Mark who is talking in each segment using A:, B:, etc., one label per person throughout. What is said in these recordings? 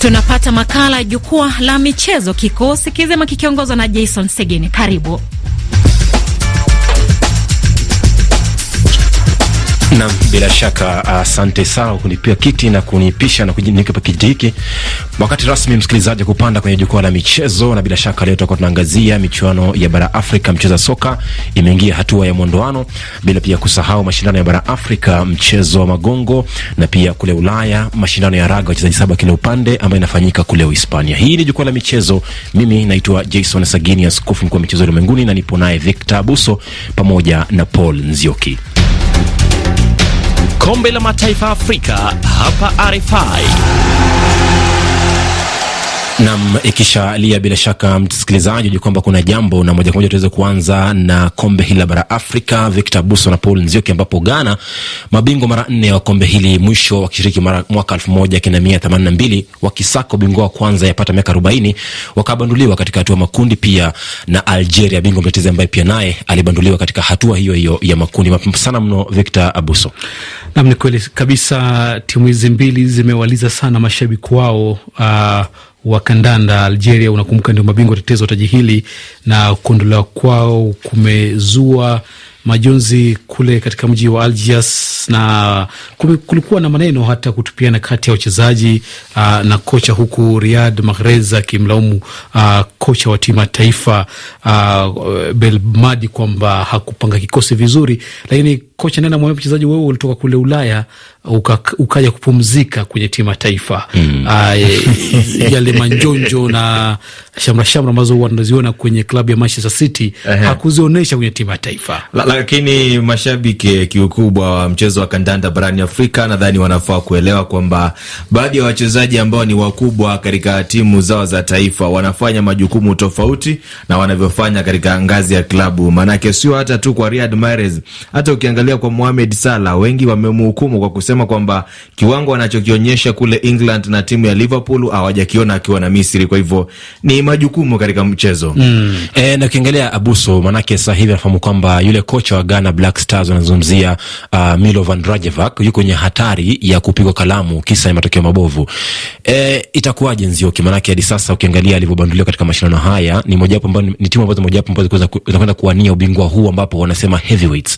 A: tunapata makala ya jukwaa la michezo, kikosi kizima kikiongozwa na Jason Segini. Karibu.
B: na bila shaka asante uh, sana kunipia kiti na kunipisha na kunipa kiti hiki. Wakati rasmi msikilizaji kupanda kwenye jukwaa la michezo, na bila shaka leo tutakuwa tunaangazia michuano ya bara Afrika mchezo soka imeingia hatua ya mwondoano, bila pia kusahau mashindano ya bara Afrika mchezo wa magongo, na pia kule Ulaya mashindano ya raga wachezaji saba kila upande ambayo inafanyika kule Uhispania. Hii ni jukwaa la michezo. Mimi naitwa Jason Saginius, askofu mkuu wa michezo ulimwenguni, na nipo naye Victor Buso pamoja na Paul Nzioki kombe la mataifa Afrika hapa RFI. Nam, ikisha ikishaalia bila shaka msikilizaji hujua kwamba kuna jambo, na moja kwa moja tuweze kuanza na kombe hili la bara Afrika, Victor Buso na Paul Nzioki, ambapo Ghana mabingwa mara nne wa kombe hili, mwisho wakishiriki mwaka elfu moja kenda mia themanini na mbili wakisaka ubingwa wa kwanza yapata miaka arobaini wakabanduliwa katika hatua makundi, pia na Algeria bingwa mtetezi ambaye pia naye alibanduliwa katika hatua hiyo hiyo ya makundi. Mapema sana mno, Victor Abuso.
C: Nam, ni kweli kabisa, timu hizi mbili zimewaliza sana mashabiki wao uh, wa kandanda Algeria, unakumbuka ndio mabingwa tetezo wa taji hili, na kuondolewa kwao kumezua majonzi kule katika mji wa Algiers, na kulikuwa na maneno hata kutupiana kati ya wachezaji uh, na kocha, huku Riyad Mahrez akimlaumu uh, kocha wa timu ya taifa uh, Belmadi kwamba hakupanga kikosi vizuri, lakini kocha nena mwambia mchezaji, wewe ulitoka kule Ulaya uka, ukaja kupumzika kwenye timu ya taifa mm. Ah, eh, yale manjonjo na shamra shamra ambazo huwa tunaziona kwenye klabu ya Manchester City uh-huh. hakuzionyesha kwenye timu ya taifa
D: la, lakini mashabiki eh, kiukubwa wa mchezo wa kandanda barani Afrika nadhani wanafaa kuelewa kwamba baadhi ya wachezaji ambao ni wakubwa katika timu zao za taifa wanafanya majukumu tofauti na wanavyofanya katika ngazi ya klabu, maanake sio hata tu kwa Riyad Mahrez, hata ukiangalia kusalia kwa Mohamed Salah, wengi wamemhukumu kwa kusema kwamba kiwango anachokionyesha kule England na timu ya Liverpool hawajakiona akiwa na Misri. Kwa hivyo ni majukumu katika mchezo
E: mm.
B: E, na ukiangalia Abuso, manake sasa hivi anafahamu kwamba yule kocha wa Ghana Black Stars anazungumzia uh, Milo van Rajevac yuko kwenye hatari ya kupigwa kalamu kisa ya matokeo mabovu. E, itakuwaje Nzioki? Manake hadi sasa ukiangalia alivyobanduliwa katika mashindano haya ni mojawapo ambayo ni timu ambazo mojawapo ambazo zinakwenda kuwania ubingwa huu ambapo wanasema heavyweights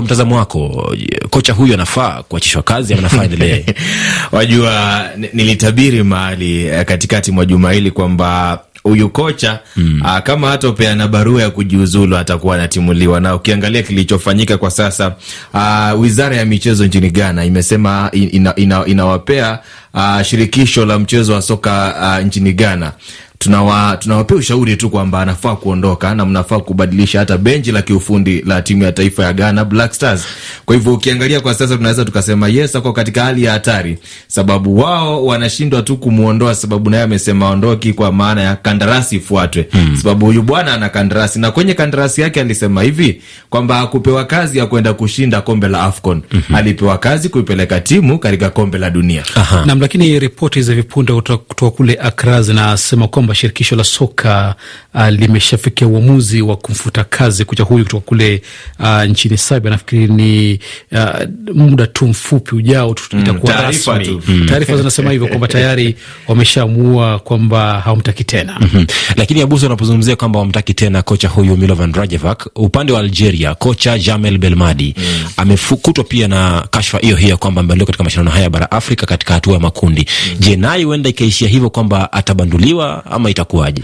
B: kwa mtazamo wako, kocha huyu anafaa kuachishwa kazi ama anafaa endelee? Wajua, nilitabiri
D: mahali eh, katikati mwa juma hili kwamba huyu kocha mm. Aa, ah, kama hatopeana barua ya kujiuzulu atakuwa anatimuliwa, na ukiangalia kilichofanyika kwa sasa aa, ah, wizara ya michezo nchini Ghana imesema inawapea ina, ina, ina uh, ah, shirikisho la mchezo wa soka uh, nchini Ghana tunawa tunawapea ushauri tu kwamba anafaa kuondoka na mnafaa kubadilisha hata benchi la kiufundi la timu ya taifa ya Ghana Black Stars. Kwa hivyo ukiangalia kwa sasa tunaweza tukasema yes, ako katika hali ya hatari, sababu wao wanashindwa tu kumwondoa, sababu naye amesema aondoki kwa maana ya kandarasi ifuatwe, hmm. sababu huyu bwana ana kandarasi na kwenye kandarasi yake alisema hivi kwamba akupewa kazi ya kwenda kushinda kombe la AFCON. -hmm. Alipewa kazi kuipeleka timu katika kombe la dunia.
C: Naam, lakini ripoti za vipunde kutoka kule Accra zinasema kwamba kwamba shirikisho la soka uh, limeshafikia uamuzi wa kumfuta kazi kocha huyu kutoka kule uh, nchini Serbia. Nafikiri ni uh, muda tu mfupi ujao mm, itakuwa mm, rasmi. Taarifa zinasema hivyo kwamba tayari
B: wameshaamua kwamba hawamtaki tena mm -hmm. Lakini Abuso, unapozungumzia kwamba hawamtaki tena kocha huyu Milovan Rajevac, upande wa Algeria kocha Jamel Belmadi mm, amefukutwa pia na kashfa hiyo hiyo kwamba amebanduliwa katika mashindano haya bara Afrika katika hatua ya makundi mm. Je, naye huenda ikaishia hivyo kwamba atabanduliwa ama itakuwaje?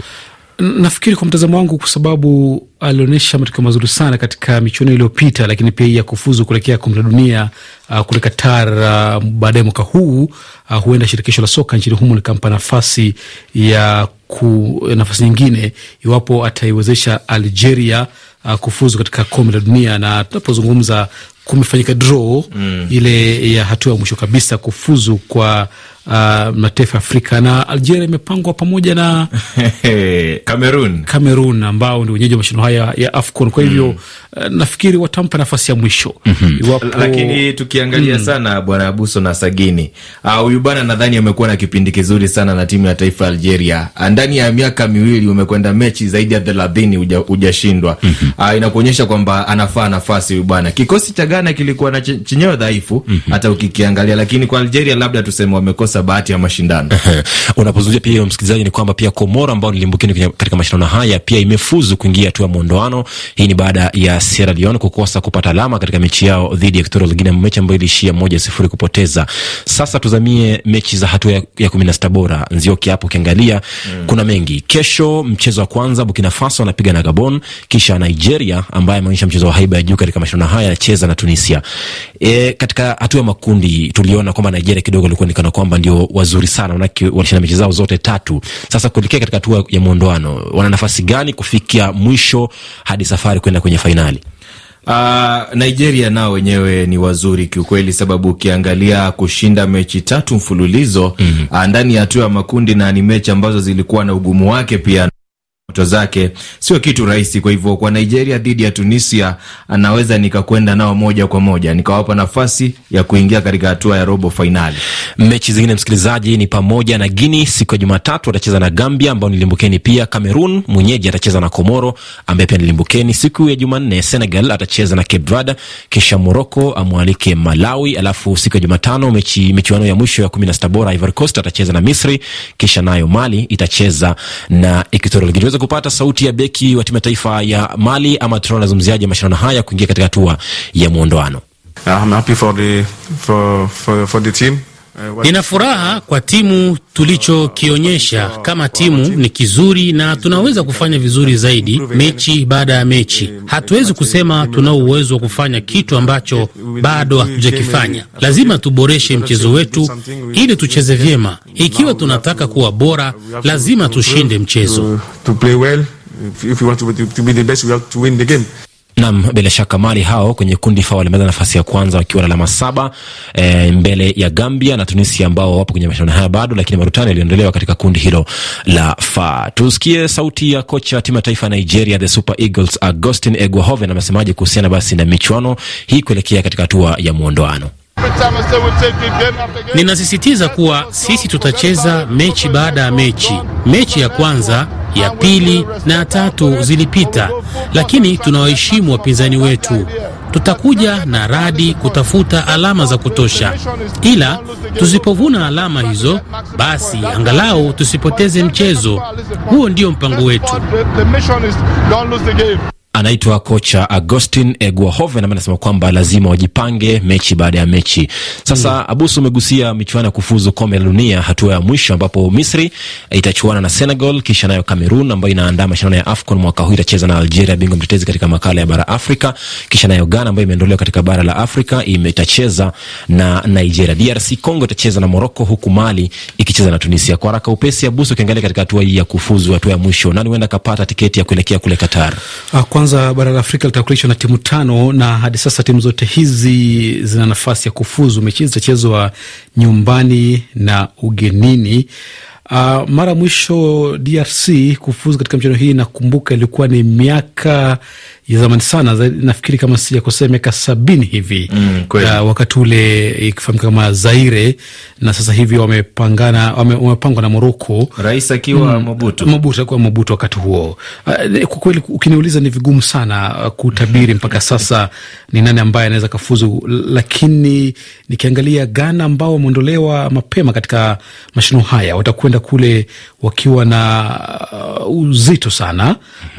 B: Nafikiri kwa mtazamo wangu, kwa sababu
C: alionyesha matokeo mazuri sana katika michuano iliyopita, lakini pia ya kufuzu kuelekea kombe la dunia uh, kule Qatar uh, baadaye mwaka huu uh, huenda shirikisho la soka nchini humo likampa nafasi ya ku, nafasi nyingine iwapo ataiwezesha Algeria uh, kufuzu katika kombe la dunia, na tunapozungumza kumefanyika draw mm. ile ya hatua ya mwisho kabisa kufuzu kwa uh, mataifa ya Afrika na Algeria imepangwa pamoja na Cameroon Cameroon ambao ndio wenyeji wa mashindano haya ya AFCON. Kwa hivyo mm. uh, nafikiri watampa nafasi ya mwisho mm -hmm. Iwapo... lakini
D: tukiangalia mm. sana bwana Abuso na Sagini, uh, huyu uh, bwana nadhani amekuwa na kipindi kizuri sana na timu ya taifa ya Algeria. Uh, ndani ya miaka miwili umekwenda mechi zaidi ya thelathini hujashindwa. mm -hmm. uh, inakuonyesha kwamba anafaa nafasi huyu bwana. Kikosi cha Ghana kilikuwa na chenyewe dhaifu mm -hmm. hata ukikiangalia, lakini kwa Algeria labda tuseme wamekosa kukosa bahati ya mashindano.
B: Unapozungumzia pia hiyo, msikilizaji, ni kwamba pia Komoro ambao nilimbukia katika mashindano haya pia imefuzu kuingia hatua ya mwondoano. Hii ni baada ya Sierra Leone kukosa kupata alama katika mechi yao dhidi ya Equatorial Guinea, mechi ambayo ilishia moja sifuri kupoteza. Sasa tuzamie mechi za hatua ya kumi na sita bora. Nzioki hapo ukiangalia mm, kuna mengi. Kesho mchezo wa kwanza Burkina Faso anapiga na Gabon, kisha Nigeria ambaye ameonyesha mchezo wa haiba ya juu katika mashindano haya anacheza na Tunisia. E, katika hatua ya makundi tuliona kwamba Nigeria kidogo ilikuwa ni kana kwamba ndio wazuri sana, manake walishinda mechi zao zote tatu. Sasa kuelekea katika hatua ya mwondoano, wana nafasi gani kufikia mwisho hadi safari kwenda kwenye fainali?
D: Uh, Nigeria nao wenyewe ni wazuri kiukweli, sababu ukiangalia kushinda mechi tatu mfululizo mm -hmm. ndani ya hatua ya makundi na ni mechi ambazo zilikuwa na ugumu wake pia moto zake sio kitu rahisi. Kwa hivyo kwa Nigeria dhidi ya Tunisia, anaweza nikakwenda nao moja kwa moja nikawapa nafasi
B: ya kuingia katika hatua ya robo fainali. Mechi zingine msikilizaji, ni pamoja na Guini siku ya Jumatatu atacheza na Gambia ambao nilimbukeni, pia Cameroon mwenyeji atacheza na Komoro ambaye pia nilimbukeni. Siku ya Jumanne Senegal atacheza na Cape Verde, kisha Morocco amwalike Malawi, alafu siku ya Jumatano mechi michuano ya mwisho ya kumi na sita bora Ivory Coast atacheza na Misri, kisha nayo Mali itacheza na Equatorial Guinea kupata sauti ya beki wa timu ya taifa ya Mali ama tunaona anazungumziaje mashindano haya kuingia katika hatua ya mwondoano? I'm happy for the, for, for, for the team. Uh, Nina furaha kwa timu tulichokionyesha uh, kama timu ni kizuri na tunaweza kufanya vizuri zaidi mechi
C: baada ya mechi. Hatuwezi kusema tuna uwezo wa kufanya kitu ambacho bado
E: hatujakifanya.
B: Lazima tuboreshe mchezo wetu ili tucheze vyema. Ikiwa tunataka kuwa bora, lazima tushinde mchezo. Nam, bila shaka Mali hao kwenye kundi fa walimaliza nafasi ya kwanza wakiwa na alama saba e, mbele ya Gambia na Tunisia ambao wapo kwenye mashindano haya bado, lakini Marutani yaliondolewa katika kundi hilo la fa. Tusikie sauti ya kocha wa timu ya taifa ya Nigeria, the Super Eagles, Augustin Egwahoven amesemaje kuhusiana basi na michuano hii kuelekea katika hatua ya muondoano. Ninasisitiza kuwa sisi tutacheza mechi
C: baada ya mechi. Mechi ya kwanza ya pili na ya tatu zilipita, lakini tunawaheshimu wapinzani wetu. Tutakuja na radi kutafuta alama za kutosha, ila tusipovuna alama hizo, basi angalau
B: tusipoteze mchezo. Huo ndio mpango wetu anaitwa kocha Agostin Eguahoven ambaye anasema kwamba lazima wajipange mechi baada ya mechi. Sasa mm. Abusu, umegusia michuano ya kufuzu kombe la dunia hatua ya mwisho, ambapo Misri itachuana na Senegal, kisha nayo Cameroon ambayo inaandaa mashindano ya AFCON mwaka huu itacheza na Algeria, bingwa mtetezi katika makala ya bara Afrika, kisha nayo Ghana ambayo imeondolewa katika bara la Afrika itacheza na Nigeria. DRC Congo itacheza na Morocco, huku Mali ikicheza na Tunisia. Kwa haraka upesi, Abusu, ukiangalia katika hatua hii ya kufuzu hatua ya mwisho, nani huenda akapata tiketi ya kuelekea kule Qatar?
C: Ah, kwanza kwanza bara la Afrika litawakilishwa na timu tano na hadi sasa timu zote hizi zina nafasi ya kufuzu. Mechi hizi zitachezwa nyumbani na ugenini. Uh, mara mwisho DRC kufuzu katika mchezo hii nakumbuka ilikuwa ni miaka ya zamani sana nafikiri kama sijakosea miaka sabini hivi
D: mm, uh, wakati
C: ule ikifahamika kama Zaire na sasa hivi wamepangana wame, wamepangwa na Moroko, rais akiwa mm, Mobutu Mobutu akiwa Mobutu wakati huo. Uh, kwa kweli ukiniuliza ni vigumu sana ah, kutabiri mpaka sasa ni nani ambaye anaweza kafuzu, lakini nikiangalia Ghana ambao wameondolewa mapema katika mashino haya watakwenda kule wakiwa na uh, uzito sana mm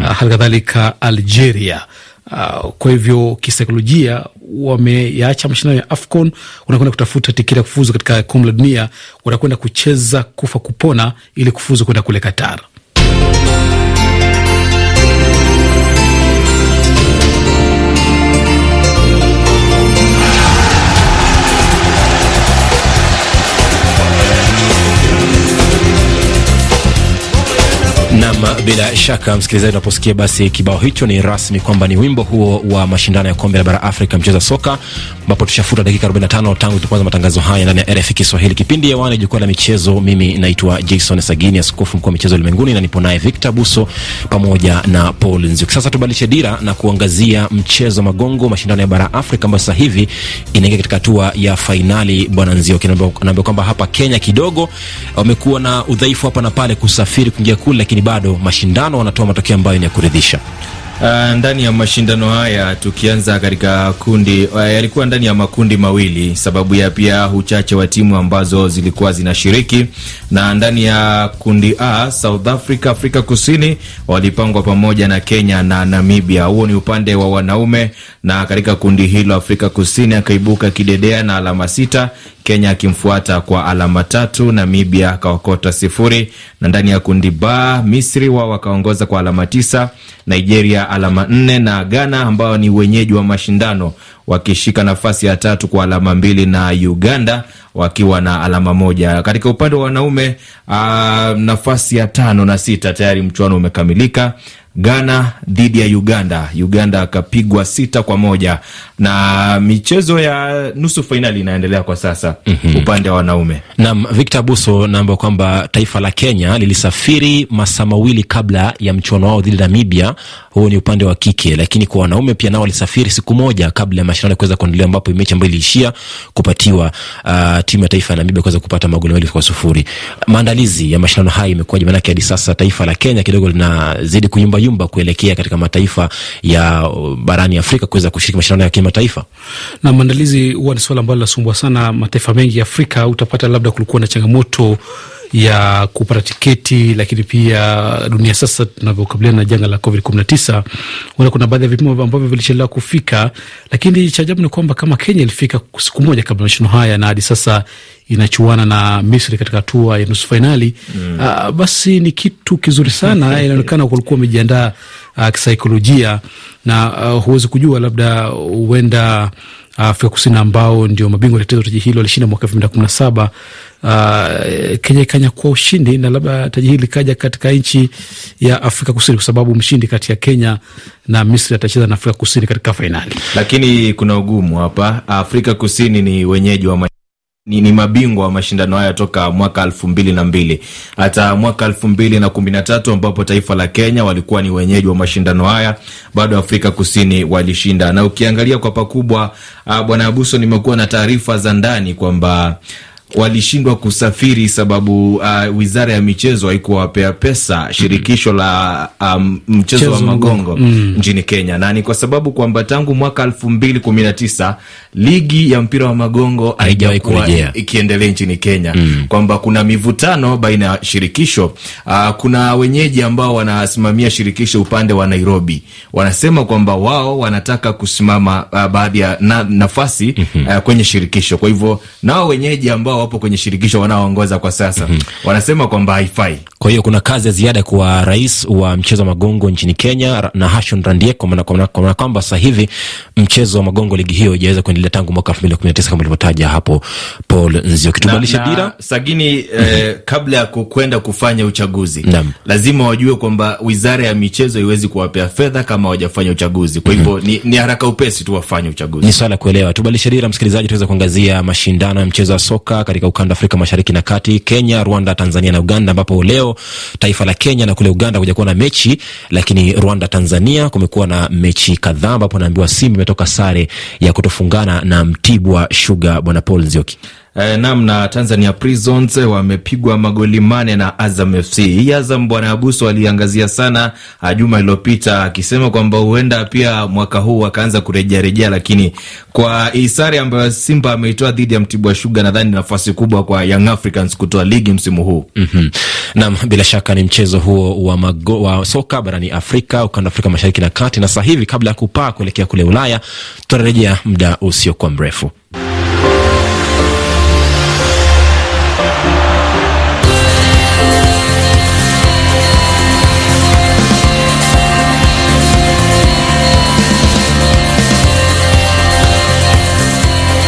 C: -hmm. uh, kadhalika Algeria Ulaya. Uh, kwa hivyo kisaikolojia wameyaacha mashindano ya AFCON, wanakwenda kutafuta tikiti ya kufuzu katika kombe la dunia, wanakwenda kucheza kufa kupona ili kufuzu kwenda kule Qatar.
B: Nam, bila shaka msikilizaji, unaposikia basi kibao hicho ni rasmi kwamba ni wimbo huo wa mashindano ya kombe la bara Afrika mchezo soka, ambapo tushafuta dakika 45 tangu tupoanza matangazo haya ndani ya RFI Kiswahili, kipindi hewani, jukwaa la michezo. Mimi naitwa Jason Sagini, askofu mkuu wa michezo ulimwenguni, na nipo naye Victor Buso pamoja na Paul Nzioki. Sasa tubadilishe dira na kuangazia mchezo magongo, mashindano ya bara Afrika ambayo sasa hivi inaingia katika hatua ya fainali. Bwana Nzio, kinaambia kwamba hapa Kenya kidogo wamekuwa na udhaifu hapa na pale kusafiri kuingia kule, lakini bado mashindano wanatoa matokeo ambayo ni ya kuridhisha.
D: Uh, ndani ya mashindano haya tukianza katika kundi uh, yalikuwa ndani ya makundi mawili, sababu ya pia uchache wa timu ambazo zilikuwa zinashiriki. Na ndani ya kundi A, South Africa, Afrika Kusini walipangwa pamoja na Kenya na Namibia. Huo ni upande wa wanaume, na katika kundi hilo Afrika Kusini akaibuka kidedea na alama sita, Kenya akimfuata kwa alama tatu, Namibia akaokota sifuri, na ndani ya kundi ba Misri wao wakaongoza kwa alama tisa, Nigeria alama nne na Ghana ambao ni wenyeji wa mashindano wakishika nafasi ya tatu kwa alama mbili na Uganda wakiwa na alama moja. Katika upande wa wanaume, ah, nafasi ya tano na sita tayari mchuano umekamilika. Ghana dhidi ya Uganda, Uganda akapigwa sita kwa moja na michezo ya nusu fainali inaendelea kwa sasa mm -hmm. upande wa wanaume.
B: nam Victor Buso naamba kwamba taifa la Kenya lilisafiri masaa mawili kabla ya mchuano wao dhidi Namibia, huo ni upande wa kike, lakini kwa wanaume pia nao walisafiri siku moja kabla ya mashindano kuweza kuendelea, ambapo mechi ambayo iliishia kupatiwa uh, timu ya taifa ya Namibia kuweza kupata magoli mawili kwa sufuri. Maandalizi ya mashindano haya imekuwaje? Maanake hadi sasa taifa la Kenya kidogo linazidi kuyumba kuyumba kuelekea katika mataifa ya uh, barani Afrika kuweza kushiriki mashindano ya kimataifa?
C: Na maandalizi huwa ni swala ambalo linasumbua sana mataifa mengi ya Afrika. Utapata labda kulikuwa na changamoto ya kupata tiketi, lakini pia dunia sasa tunavyokabiliana na janga la covid 19, una kuna baadhi ya vipimo ambavyo vilichelewa kufika, lakini cha ajabu ni kwamba kama Kenya ilifika siku moja kabla mashindano haya na hadi sasa inachuana na Misri katika hatua ya nusu fainali mm. Uh, basi ni kitu kizuri sana inaonekana kulikuwa wamejiandaa uh, kisaikolojia na uh, huwezi kujua labda huenda uh, Afrika Kusini ambao ndio mabingwa tetezi wa taji hilo walishinda mwaka elfu mbili na kumi na saba. Uh, Kenya ikanyakua ushindi na labda taji hili likaja katika nchi ya Afrika Kusini kwa sababu mshindi kati ya Kenya na Misri atacheza na Afrika Kusini katika fainali,
D: lakini kuna ugumu hapa. Afrika Kusini ni wenyeji wa ni, ni mabingwa wa mashindano haya toka mwaka elfu mbili na mbili hata mwaka elfu mbili na kumi na tatu ambapo taifa la Kenya walikuwa ni wenyeji wa mashindano haya, bado Afrika Kusini walishinda. Na ukiangalia kwa pakubwa, uh, Bwana Abuso, nimekuwa na taarifa za ndani kwamba walishindwa kusafiri sababu uh, wizara ya michezo haikuwapea pesa shirikisho la um, mchezo Chezo wa magongo mm, mm. nchini mm, Kenya, na ni kwa sababu kwamba tangu mwaka elfu mbili kumi na tisa ligi ya mpira wa magongo haijawahi kurejea ikiendelea nchini Kenya mm, kwamba kuna mivutano baina ya shirikisho uh, kuna wenyeji ambao wanasimamia shirikisho upande wa Nairobi wanasema kwamba wao wanataka kusimama uh, baadhi ya na, nafasi mhm. uh, kwenye shirikisho, kwa hivyo nao wenyeji ambao ambao wapo kwenye shirikisho wanaoongoza kwa sasa mm -hmm. wanasema kwamba
B: haifai kwa hiyo kuna kazi ya ziada kwa rais wa mchezo wa magongo nchini Kenya na Hashon Randie, kwa maana kwamba sasa hivi mchezo wa magongo ligi hiyo ijaweza kuendelea tangu mwaka elfu mbili kumi na tisa kama ilivyotaja hapo Paul Nzio. Kitubalisha dira
D: sagini eh, kabla ya kwenda kufanya uchaguzi na, lazima wajue kwamba wizara ya michezo iwezi kuwapea fedha kama wajafanya uchaguzi. Kwa hivyo mm -hmm. ni, ni haraka upesi tu wafanye uchaguzi, ni
B: swala kuelewa. Tubalisha dira msikilizaji, tuweza kuangazia mashindano ya mchezo wa soka katika ukanda Afrika mashariki na kati, Kenya, Rwanda, Tanzania na Uganda, ambapo leo leo taifa la Kenya na kule Uganda kuja kuwa na mechi, lakini Rwanda Tanzania kumekuwa na mechi kadhaa ambapo naambiwa Simba imetoka sare ya kutofungana na Mtibwa Sugar, bwana Paul Nzioki eh, namna Tanzania Prisons wamepigwa magoli mane na
D: Azam FC. Hii Azam bwana Abuso aliangazia sana ah, juma iliyopita, akisema kwamba huenda pia mwaka huu wakaanza kurejearejea lakini kwa isare ambayo Simba ameitoa dhidi ya Mtibwa Sugar, nadhani nafasi kubwa kwa Young Africans kutoa ligi msimu huu mm -hmm.
B: Nam, bila shaka ni mchezo huo wa, mago, wa soka barani Afrika, ukanda Afrika mashariki na kati, na sasa hivi kabla ya kupaa kuelekea kule Ulaya, tunarejea muda usiokuwa mrefu.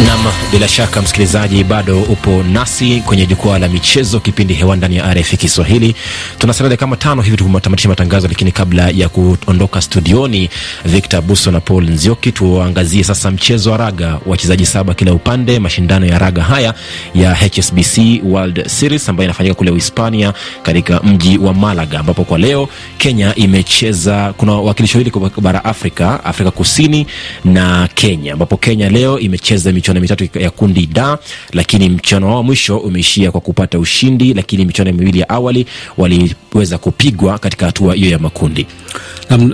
B: Nam, bila shaka msikilizaji, bado upo nasi kwenye jukwaa la michezo, kipindi hewa ndani ya RFI Kiswahili. Tuna sekunde kama tano hivi tumatamatisha matangazo, lakini kabla ya kuondoka studioni, Victor Buso na Paul Nzioki, tuangazie sasa mchezo wa raga, wachezaji saba kila upande, mashindano ya raga haya ya HSBC World Series ambayo inafanyika kule Uhispania katika mji wa Malaga, ambapo kwa leo Kenya imecheza. Kuna wakilishi wawili kwa bara Afrika, Afrika Kusini na Kenya, ambapo Kenya leo imecheza micho michuano mitatu ya kundi da lakini mchuano wao mwisho umeishia kwa kupata ushindi, lakini michuano miwili ya awali waliweza kupigwa katika hatua hiyo ya makundi.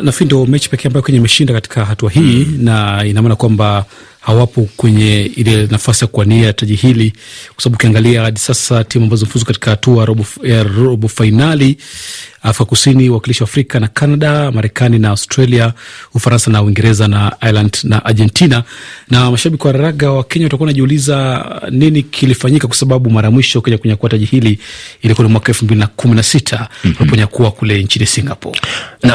B: Nafikiri ndo mechi pekee ambayo
C: Kenya imeshinda katika hatua hii mm, na ina maana kwamba hawapo kwenye ile nafasi ya kuania taji hili, kwa sababu ukiangalia hadi sasa timu ambazo fuzu katika hatua ya robo fainali Afrika Kusini, wakilishi wa Afrika na Canada, Marekani na Australia, Ufaransa na Uingereza na Ireland na Argentina. Na mashabiki wa raga wa Kenya watakuwa wanajiuliza uh, nini kilifanyika, kwa sababu mara mwisho Kenya kunyakua taji hili ilikuwa ni mwaka elfu mbili na kumi na sita waliponyakua mhm. kule nchini Singapore.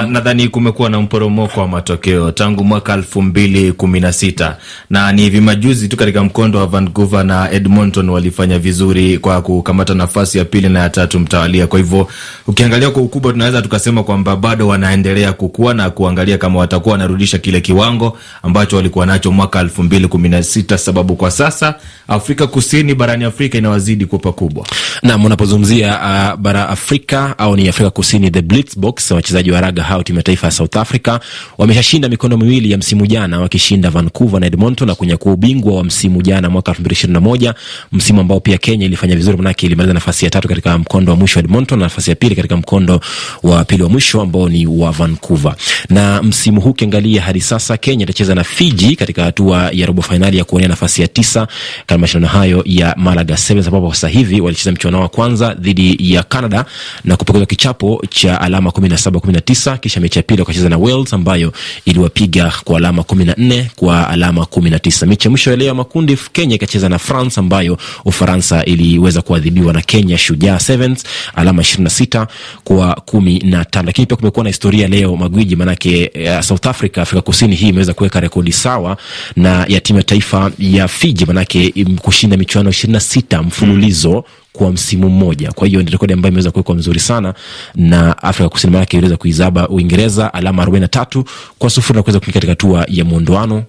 D: Nadhani Na kumekuwa na mporomoko wa matokeo tangu mwaka elfu mbili kumi na sita na ni hivi majuzi tu katika mkondo wa Vancouver na Edmonton walifanya vizuri kwa kukamata nafasi ya pili na ya tatu mtawalia. Kwa hivyo ukiangalia kwa ukubwa kubwa tunaweza tukasema kwamba bado wanaendelea kukua na kuangalia kama watakuwa wanarudisha kile kiwango ambacho walikuwa nacho mwaka elfu mbili kumi na sita sababu kwa sasa
B: Afrika Kusini barani Afrika inawazidi kuwa pakubwa. Nam, unapozungumzia uh, bara Afrika au ni Afrika Kusini, the Blitzboks wachezaji wa raga hao timu ya taifa ya South Africa wameshashinda mikondo miwili ya msimu jana, wakishinda Vancouver na Edmonton na kunyakua ubingwa wa msimu jana mwaka elfu mbili ishirini na moja, msimu ambao pia Kenya ilifanya vizuri manake ilimaliza nafasi ya tatu katika mkondo wa mwisho wa Edmonton na nafasi ya pili katika mkondo wa pili wa mwisho ambao ni wa Vancouver. Na msimu huu ukiangalia hadi sasa, Kenya itacheza na Fiji katika hatua ya robo fainali ya kuonea nafasi ya tisa katika mashindano hayo ya Malaga Sevens, ambapo sasa hivi walicheza mchuano wa kwanza dhidi ya Canada na kupokezwa kichapo cha alama 17 19, kisha mechi ya pili wakacheza na Wales ambayo iliwapiga kwa alama 14 kwa alama 19. Mechi ya mwisho ya leo makundi, Kenya ikacheza na France ambayo Ufaransa iliweza kuadhibiwa na Kenya Shujaa Sevens alama 26 kwa kumi na tano. Lakini pia kumekuwa na historia leo magwiji, maanake uh, eh, South Africa, Afrika Kusini hii imeweza kuweka rekodi sawa na ya timu ya taifa ya Fiji, maanake mm, kushinda michuano ishirini na sita mfululizo mm kwa msimu mmoja. Kwa hiyo ni rekodi ambayo imeweza kuwekwa mzuri sana na Afrika Kusini, maanake iliweza kuizaba Uingereza alama 43 kwa sufuri na kuweza kuingia katika hatua ya muondoano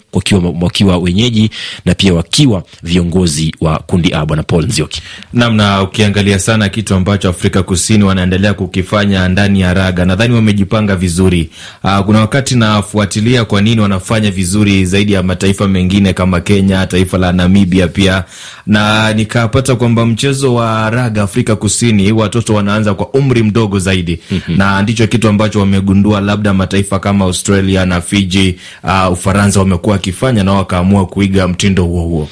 B: wakiwa wenyeji na pia wakiwa viongozi wa kundi A, Bwana Paul Nzioki. namna ukiangalia sana kitu ambacho Afrika Kusini
D: wanaendelea kukifanya ndani ya raga, nadhani wamejipanga vizuri. Aa, ah, kuna wakati nafuatilia kwa nini wanafanya vizuri zaidi ya mataifa mengine kama Kenya, taifa la Namibia pia, na nikapata kwamba mchezo wa raga Afrika Kusini watoto wanaanza kwa umri mdogo zaidi mm -hmm. na ndicho kitu ambacho wamegundua, labda mataifa kama Australia na
B: Fiji, uh, Ufaransa wamekuwa wakifanya na wakaamua kuiga mtindo huo huo.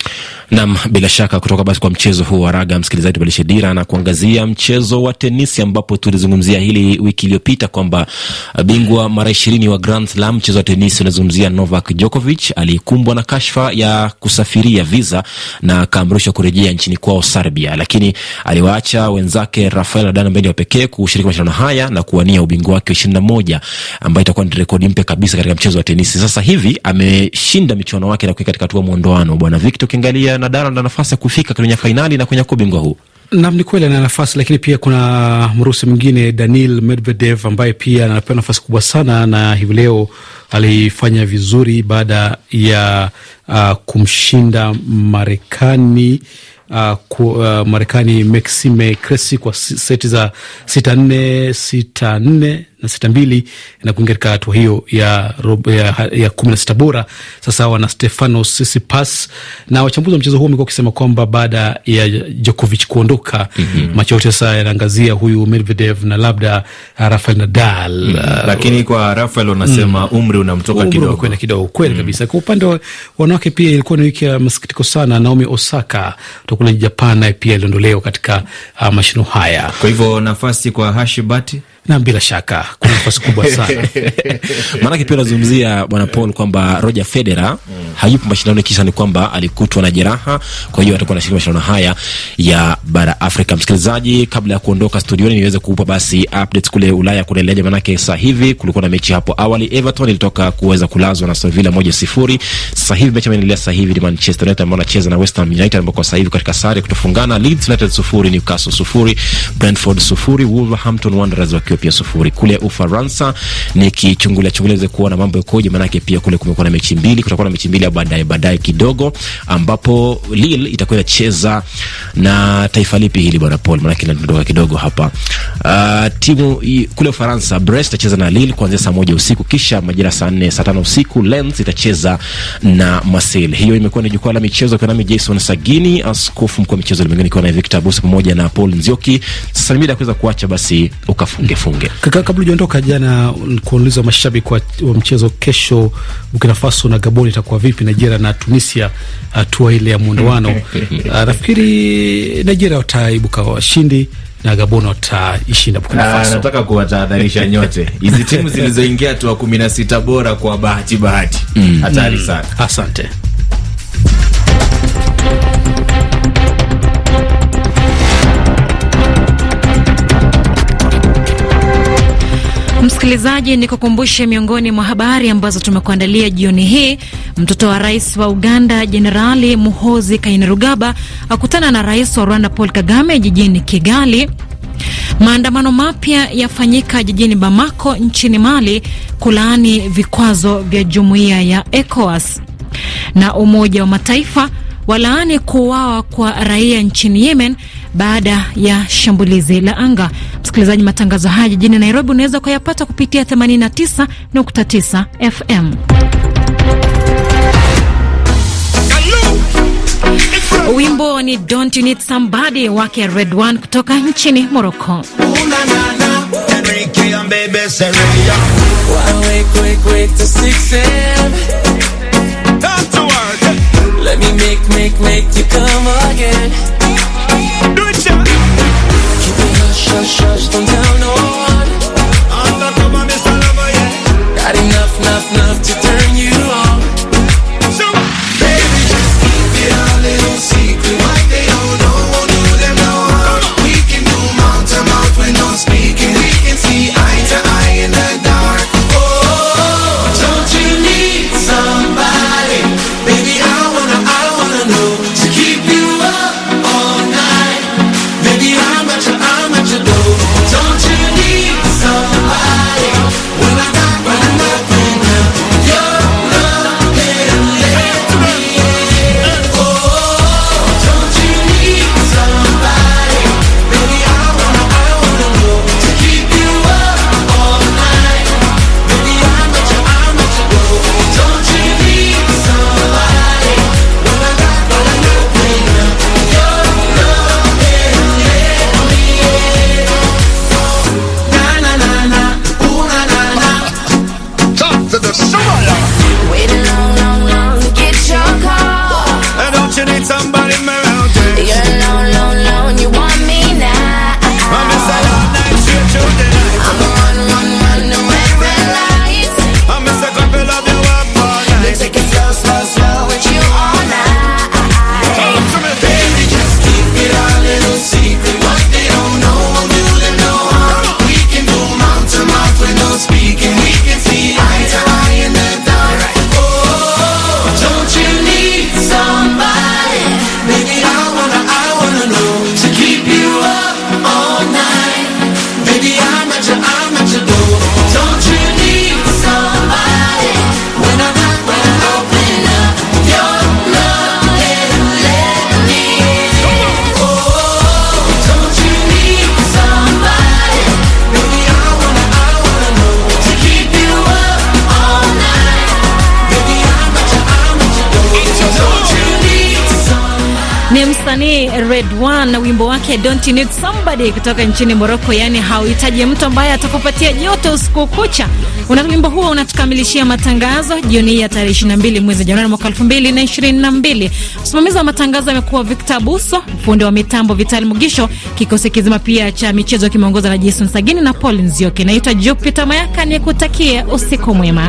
B: Nam, bila shaka kutoka basi kwa mchezo huu wa raga, msikilizaji, tubadilishe dira na kuangazia mchezo wa tenisi, ambapo tulizungumzia hili wiki iliyopita kwamba uh, bingwa mara ishirini wa Grand Slam mchezo wa tenisi unazungumzia Novak Djokovic aliyekumbwa na kashfa ya kusafiria visa na akaamrishwa kurejea nchini kwao Serbia, lakini aliwaacha wenzake Rafael Nadal ambaye ndio pekee kushiriki mashindano haya na kuwania ubingwa wake wa ishirini na moja ambayo itakuwa ni rekodi mpya kabisa katika mchezo wa tenisi. Sasa hivi ameshinda michuano wake na kuingia katika hatua mwondoano. Bwana Victor, ukiangalia Nadal ana nafasi ya kufika kwenye fainali na kwenye ubingwa huu
C: Nam, ni kweli ana nafasi, lakini pia kuna mrusi mwingine Daniil Medvedev ambaye pia anapewa nafasi kubwa sana, na hivi leo alifanya vizuri baada ya uh, kumshinda Marekani uh, uh, Marekani Maxime Cressy kwa seti za sita nne sita nne na sita mbili na kuingia katika hatua hiyo ya, ya, ya kumi na sita bora sasa wana Stefano Sisipas Na wachambuzi wa mchezo huo wamekuwa wakisema kwamba baada ya Jokovich kuondoka mm -hmm. macho yote sasa yanaangazia huyu Medvedev
D: na labda uh, Rafael Nadal mm -hmm. uh, lakini kwa Rafael wanasema mm -hmm. umri unamtoka kidogo
C: kwenda kidogo kweli mm -hmm. kabisa. Kwa upande wa wanawake pia ilikuwa ni wiki ya masikitiko sana. Naomi Osaka toka Japan naye pia iliondolewa katika uh, mashino haya, kwa hivyo nafasi kwa Hashibati Nam, bila shaka kuna nafasi kubwa sana
B: maanake pia unazungumzia bwana Paul kwamba Roger federa mm. hayupo mashindano, kisha ni kwamba alikutwa na jeraha, kwa hiyo atakuwa anashiriki mashindano haya ya bara Afrika. Msikilizaji, kabla ya kuondoka studioni, niweze kuupa basi updates kule Ulaya kunaendeleaje, maanake sasa hivi kulikuwa na mechi hapo awali, Everton ilitoka kuweza kulazwa na Aston moja sifuri. Sasa hivi mechi ameendelea sasa hivi ni Manchester United ambao anacheza na West Ham United ambao kwa sasa hivi katika sare kutofungana, Leeds United sufuri, Newcastle sufuri, Brentford sufuri, Wolverhampton Wanderers ikiwa pia sufuri. Kule Ufaransa nikichungulia chungulia kuona mambo yakoje, maanake pia kule kumekuwa na mechi mbili, kutakuwa na mechi mbili ya baadaye baadaye kidogo, ambapo Lille itakuwa inacheza na taifa lipi hili bwana Paul, maanake inadondoka kidogo hapa. Uh, timu kule Ufaransa, Brest itacheza na Lille kuanzia saa moja usiku, kisha majira saa nne saa tano usiku Lens itacheza na Marseille. Hiyo imekuwa ni jukwaa la michezo kwa nami Jason Sagini, askofu mkuu wa michezo ulimwenguni, ikiwa na Victor Busu pamoja na Paul Nzioki. Sasa ni mida ya kuweza kuacha, basi ukafunge ufunge.
C: Kaka, kabla ujaondoka jana kuuliza mashabiki wa, mchezo kesho Burkina Faso na Gabon itakuwa vipi, Nigeria na Tunisia, hatua ile ya muondoano ah, nafikiri Nigeria wataibuka washindi na Gabon wataishinda Burkina ah, Faso. Nataka
D: kuwatahadharisha nyote hizi timu zilizoingia hatua kumi na sita bora kwa bahati
B: bahati, mm. hatari mm. sana. Asante.
A: Msikilizaji, ni kukumbushe miongoni mwa habari ambazo tumekuandalia jioni hii. Mtoto wa rais wa Uganda Jenerali Muhozi Kainerugaba akutana na rais wa Rwanda Paul Kagame jijini Kigali. Maandamano mapya yafanyika jijini Bamako nchini Mali kulaani vikwazo vya jumuiya ya ECOWAS. Na Umoja wa Mataifa walaani kuuawa kwa raia nchini Yemen baada ya shambulizi la anga. Msikilizaji, matangazo haya jijini Nairobi unaweza kuyapata kupitia 89.9 FM. Wimbo ni Don't You Need Somebody wake Red One kutoka nchini Morocco.
E: Let me make, make, make you come again Do it, Sean Keep it hush, hush, hush, don't tell no one I'm the one, Mr. Lover, yeah Got enough She need somebody.
A: msanii Redwan na wimbo wake Don't You Need Somebody kutoka nchini Morocco, yani hauhitaji mtu ambaye atakupatia joto usiku kucha. Una wimbo huo unatukamilishia matangazo jioni ya tarehe 22 mwezi Januari mwaka 2022. Msimamizi wa matangazo amekuwa Victor Buso, mfundi wa mitambo Vital Mugisho, kikosi kizima pia cha michezo kimeongoza na Jason Sagini na Paul Nzioki. Naitwa Jupiter Mayaka, nikutakie usiku mwema.